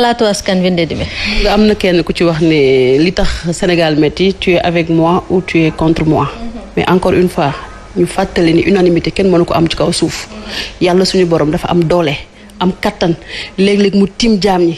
xalaatu askan wi Ndeye nga am na kenn ku ci wax ne li tax Sénégal métti tu es avec moi ou tu es contre moi. mais encore une fois ñu fàttali ni unanimité kenn mënu ko am ci kaw suuf yàlla suñu borom dafa am doole. am kattan léeg mu tiim jaam ñi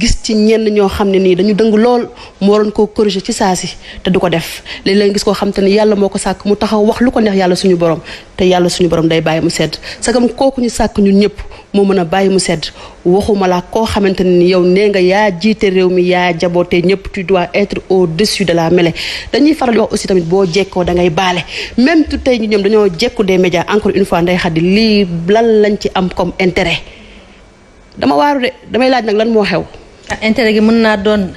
gis ci ñenn ñoo xam ne nii dañu dëng lool mu waroon koo corriger ci saa si te du ko def léeg-léeg gis koo xam te ne yàlla moo ko sàkk mu taxaw wax lu ko neex yàlla suñu borom te yàlla suñu borom day bàyyi mu sedd sagam kooku ñu sàkk ñun ñëpp moo mën a bàyyi mu sedd waxuma la koo xamante ne ni yow nee nga yaa jiite réew mi yaa jabootee ñëpp tu dois être o dessus de la mêlée dañuy faral di wax aussi tamit boo jekkoo da ngay baale même tu tey ñu ñoom dañoo jekku des médias encore une fois nday xaddi lii lan lañ ci am comme intérêt dama waaru de damay laaj nag lan moo xew. Ah, intérêt gi mën naa doon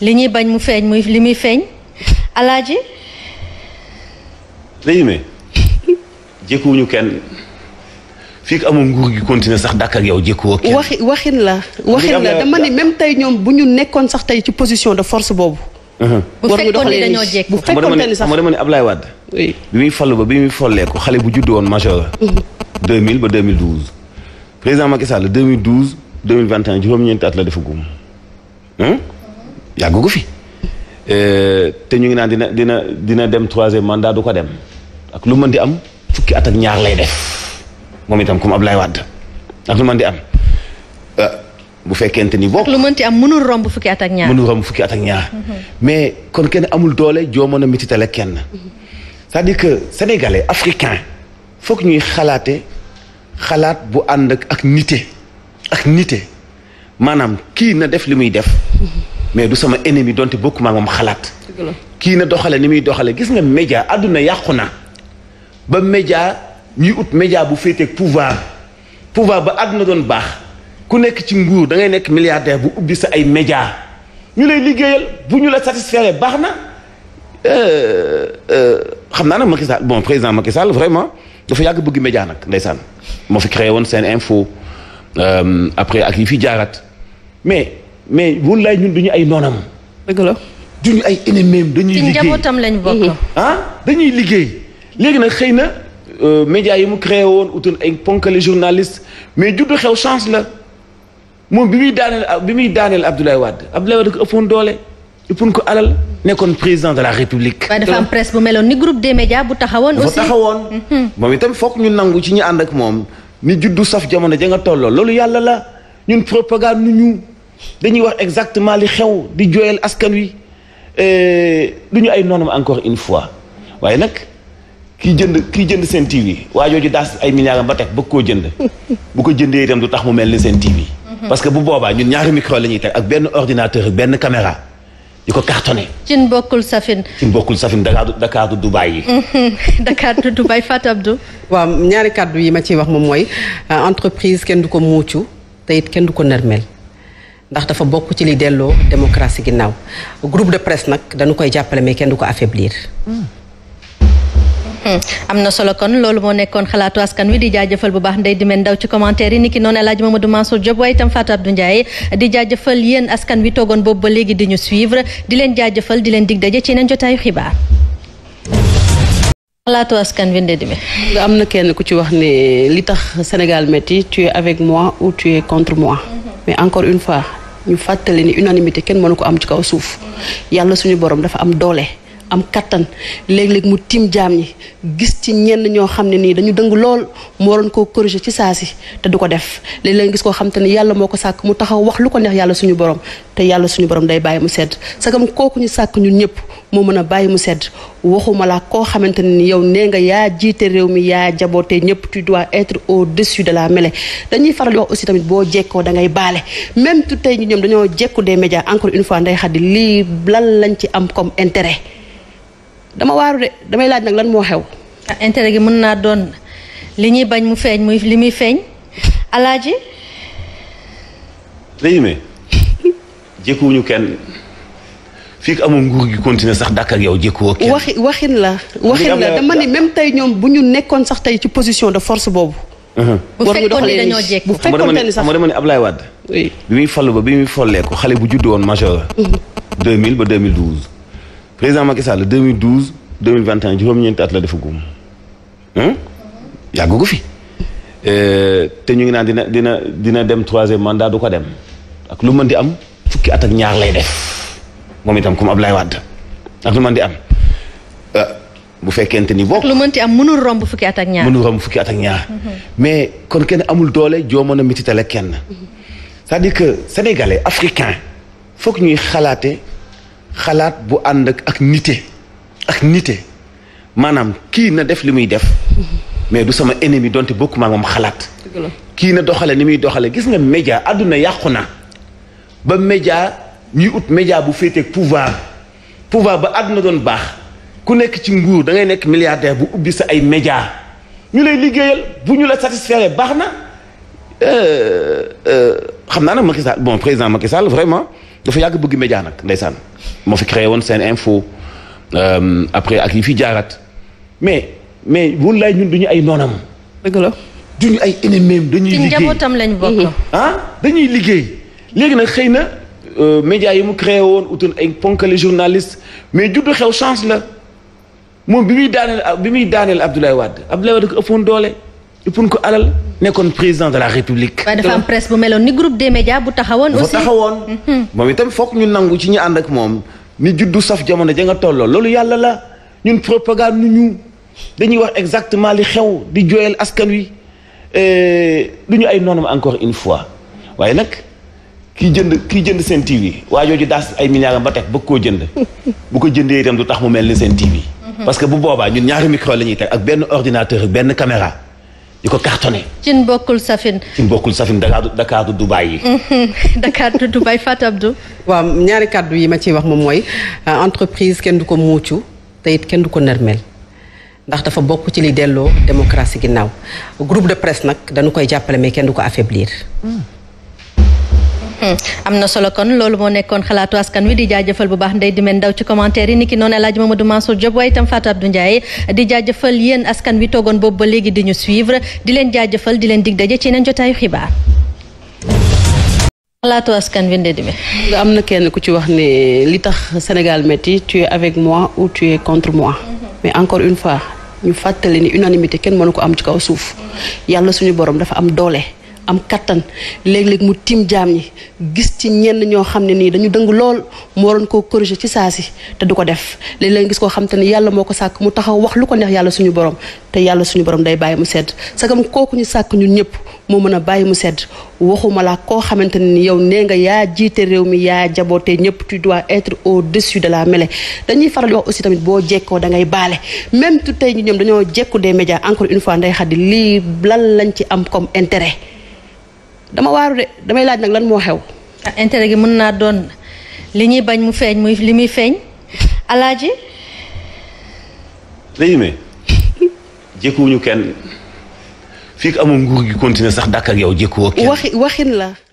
li ñuy bañ mu feeñ muy li muy feeñ alaaji. léegi mais jékkuwuñu kenn. fii ko amoon nguur gi continuer sax dàkk ak yow jékkuwoo kenn. waxi waxin la waxin la dama ni même tey ñoom bu ñu nekkoon sax tey ci position de force boobu. Uh-huh. bu fekkoon ni dañoo jékki bu fekkoon ni sax ma dama ne Ablaye Wade. bi muy fallu ba bi muy folleeku xale bu juddu woon major. 2000 mm-hmm. ba 2012. président Macky Sall 2012 2021 juróom-ñeenti at la dafa gum. yàggu ko fi. Euh, te ñu ngi naan dina dina dina dem troisième mandat du ko dem ak lu mën di am fukki at ak ñaar lay def. moom itam comme Abdoulaye Wade ak lu man di am euh, bu fekkente ni bokk. lu mënti am mënul romb fukki at ak ñaar fukki at ak mm-hmm. mais kon kenn amul doole joo mën a mititale kenn. Mm-hmm. cest à que sénégalais africain foog ñuy xalaate xalaat bu ànd ak nité ak nité maanaam kii na def li muy def. Mm-hmm. mais du sama ennemi donte bokkuma moom xalaat. kii na doxale ni muy doxale gis nga média àdduna yàqu na ba média ñuy ut média bu féeteeg pouvoir pouvoir ba àdduna doon baax ku nekk ci nguur da ngay nekk milliardaire bu ubbi sa ay média ñu lay liggéeyal bu ñu la satisfaire baax na euh, euh, xam naa nag Macky Sall bon président Macky Sall vraiment dafa yàgg bëgg média nag ndeysaan moo fi créé woon seen info euh, après ak yi fi jaaraat mais mais wun lay ñun duñu ay noonam dëgg la duñu ay ennemeem dañuy liggéey ci njabootam lañ bokk eh, ah dañuy liggéey léegi nag xëy na Euh, média yi mu créé woon utul ay ponkali journaliste mais juddu xew chance la moom bi muy daaneel bi muy daaneel Abdoulaye Wade Abdoulaye Wade ko ëppoon doole ëppoon ko alal nekkoon président de la république. waaw dafa am bu ni groupe des médias bu taxawoon. aussi taxawoon. Mhm. moom itam fook ñu nangu ci ñu ànd ak moom ni juddu saf jamono ja nga tolloo loolu yàlla la ñun propagande nu ñu dañuy wax exactement li xew di jooyal askan wi euh, du ñu ay noonam encore une fois waaye nag. kii jënd kii jënd seen yi waa jooju daas ay milliards ba teg bëgg koo jënd bu ko jëndee itam du tax mu mel ni seen TV. Mhm. parce que bu boobaa ñu ñaari micro la ñuy teg ak benn ordinateur ak benn kamera di ko cartonné. cin bokkul safin. bokkul safin Dakar Dakar du Dubaay yi. Mhm. Dakar du Dubaay Fatou Abdou. waaw ñaari kàddu yi ma ciy wax moom mooy euh, entreprise kenn du ko muucu te kenn du ko nërmel ndax dafa bokk ci li delloo démocratie ginnaaw groupe de presse nag dañu koy jàppale mais kenn du ko affaiblir. Mhm. Hmm. am na solo kon loolu moo nekkoon xalaatu askan wi di jaajëfal bu baax ndey di ndaw ci commentaire yi ni ki noonu El Hadj Mamadou Mansour Diop waaye tam Fatou du Ndiaye di jaajëfal yéen askan wi toogoon boobu ba léegi di ñu suivre di leen jaajëfal di leen dig daje ci yeneen jotaayu xibaar. xalaatu askan wi ndey di meen am na kenn ku ci wax ne li tax Sénégal métti tu avec mois ou tu contre mois mais encore une fois ñu fàttali ni unanimité kenn mënu ko am ci kaw suuf yàlla suñu borom dafa am doole. am kattan léeg mu tiim jaam yi gis ci ñenn ñoo xam ne nii dañu dëng lool mu waroon koo corriger ci saa si te du ko def léeg-léeg gis koo xam te ne yàlla moo ko sàkk mu taxaw wax lu ko neex yàlla suñu borom te yàlla suñu borom day bàyyi mu sedd sa sagam kooku ñu sàkk ñun ñëpp moo mën a bàyyi mu sedd waxuma la koo xamante ne ni yow nee nga yaa jiite réew mi yaa jabootee ñëpp tu dois etre au-dessus de la mêlée dañuy faral di wax aussi tamit boo jekkoo da ngay baale même tu tey ñu ñoom dañoo jekku des médias encore une fois nday xaddi lii lan lañ ci am comme intérêt dama waaru de damay laaj nag lan moo xew. ah intérêt gi mën naa doon li ñuy bañ mu feeñ muy li muy feeñ alaaji. résumé jékkuwuñu kenn fii amul nguur gi continuer sax dàkk ak yow jékkuwoo kenn. waxi waxin la. waxin la dama ni même tey ñoom bu ñu nekkoon sax tey ci position de force boobu. Uh-huh. bu fekkoon ni dañoo jékku bu fekkoon ni sax ma dama ne Ablaye Wade. bi muy fallu ba bi muy xale bu juddu woon major. 2000 uh-huh. ba 2012. président Macky Sall 2012 2021 juróom-ñeenti at la defagum yàggu ko fi euh, te ñu ngi naan dina dina dina dem troisième mandat du ko dem ak lu mën di am fukki at ak ñaar lay def moom itam comme Abdoulaye Wade ak lu mën di am euh, bu fekkente ni bokk. lu mënti am mënul romb fukki at ak ñaar mënul romb fukki at ak ñaar. Mhm. mais kon kenn amul doole joo mën a mititale kenn. c'est-à-dire que sénégalais africain foog ñuy xalaate. xalaat bu ànd ak nite ak nite maanaam kii na def li muy def mais du sama ennemi donte bokku maa moom xalaat kii na doxale ni muy doxale gis nga média àdduna yàqu na ba média ñuy ut média bu féeteeg pouvoir pouvoir ba àdduna doon baax ku nekk ci nguur da ngay nekk milliardaire bu ubbi sa ay média ñu lay liggéeyal bu ñu la satisfaire baax na euh, euh, xam naa nag Macky Sall bon président Macky vraiment dafa yàgg bëgg média nag ndeysaan moo fi créé woon seen info euh, après ak yi fi jaaraat mais mais wun laay ñun du ñu ay noonam dëgg la du ñu ay ennemeem dañuy liggéey ci njabootam lañ bokk ah dañuy liggéey léegi nag xëy na euh, média yi mu créé woon utoon ay ponkale journaliste mais juddu xew chance la moom bi muy daaneel bi muy daaneel Abdoulaye Wade Abdoulaye Wade ko ëppoon doole ëppoon ko alal nekkoon président de la république. waaye dafa am presse bu meloon ni groupe des médias bu taxawoon. aussi bu mhm. moom itam foog ñu nangu ci ñu ànd ak moom ni juddu saf jamono ja nga tolloo loolu yàlla la ñun propagande nu ñu dañuy wax exactement li xew di jooyal askan wi euh, du ñu ay noonam encore une fois waaye nag kii jënd kii jënd seen TV waa jooju daas ay milliards ba teg bëgg koo jënd bu ko jëndee tam du tax mu mel ni seen TV. Mhm. parce que bu boobaa ñun ñaari micro la ñuy teg ak benn ordinateur benn caméra. di ko cartonné. cin bokkul safin. cin bokkul safin Dakar Dakar du Dubaay yi. Dakar du Dubaay waaw ñaari kàddu yi ma ciy wax moom mooy euh, entreprise kenn du ko muucu te kenn du ko nërmel ndax dafa bokk ci li delloo démocratie ginnaaw groupe de presse nag danu koy jàppale mais kenn du ko affaiblir. Hmm. Hmm. am na solo kon loolu moo nekkoon xalaatu askan wi di jaajëfal bu baax ndey di meen daw ci commentaire yi ni ki noonu El Hadj Mamadou Mansour Diop waaye itam Fatou Abdou di jaajëfal yéen askan wi toogoon boobu ba léegi di ñu suivre di leen jaajëfal di leen dig daje ci yeneen jotaayu xibaar. askan wi ndey di am na kenn ku ci wax ne li tax Sénégal métti tu avec mois ou tu contre mois hmm. mais encore une fois ñu fàttali ni unanimité kenn mënu ko am ci kaw suuf yàlla suñu boroom dafa am doole. am kattan léeg mu tiim jaam yi gis ci ñenn ñoo xam ne nii dañu dëng lool mu waroon koo corriger ci saa si te du ko def léeg-léeg gis koo xam te ne yàlla moo ko sàkk mu taxaw wax lu ko neex yàlla suñu borom te yàlla suñu borom day bàyyi mu sedd sa sagam kooku ñu sàkk ñun ñëpp moo mën a bàyyi mu sedd waxuma la koo xamante ne ni yow nee nga yaa jiite réew mi yaa jabootee ñëpp tu dois être au dessus de la mêlée dañuy faral di wax aussi tamit boo jekkoo da ngay baale même tu tey ñoom dañoo jekku des médias encore une fois nday xaddi lii lan lañ ci am comme intérêt dama waaru de damay laaj nag lan moo xew. ah intérêt gi mën naa doon li ñuy bañ mu feeñ muy li muy feeñ alaaji. Ndeye jékkuwuñu kenn fii amul nguur gi continuer sax dàkk ak yow jékkuwoo kenn. waxi waxin la.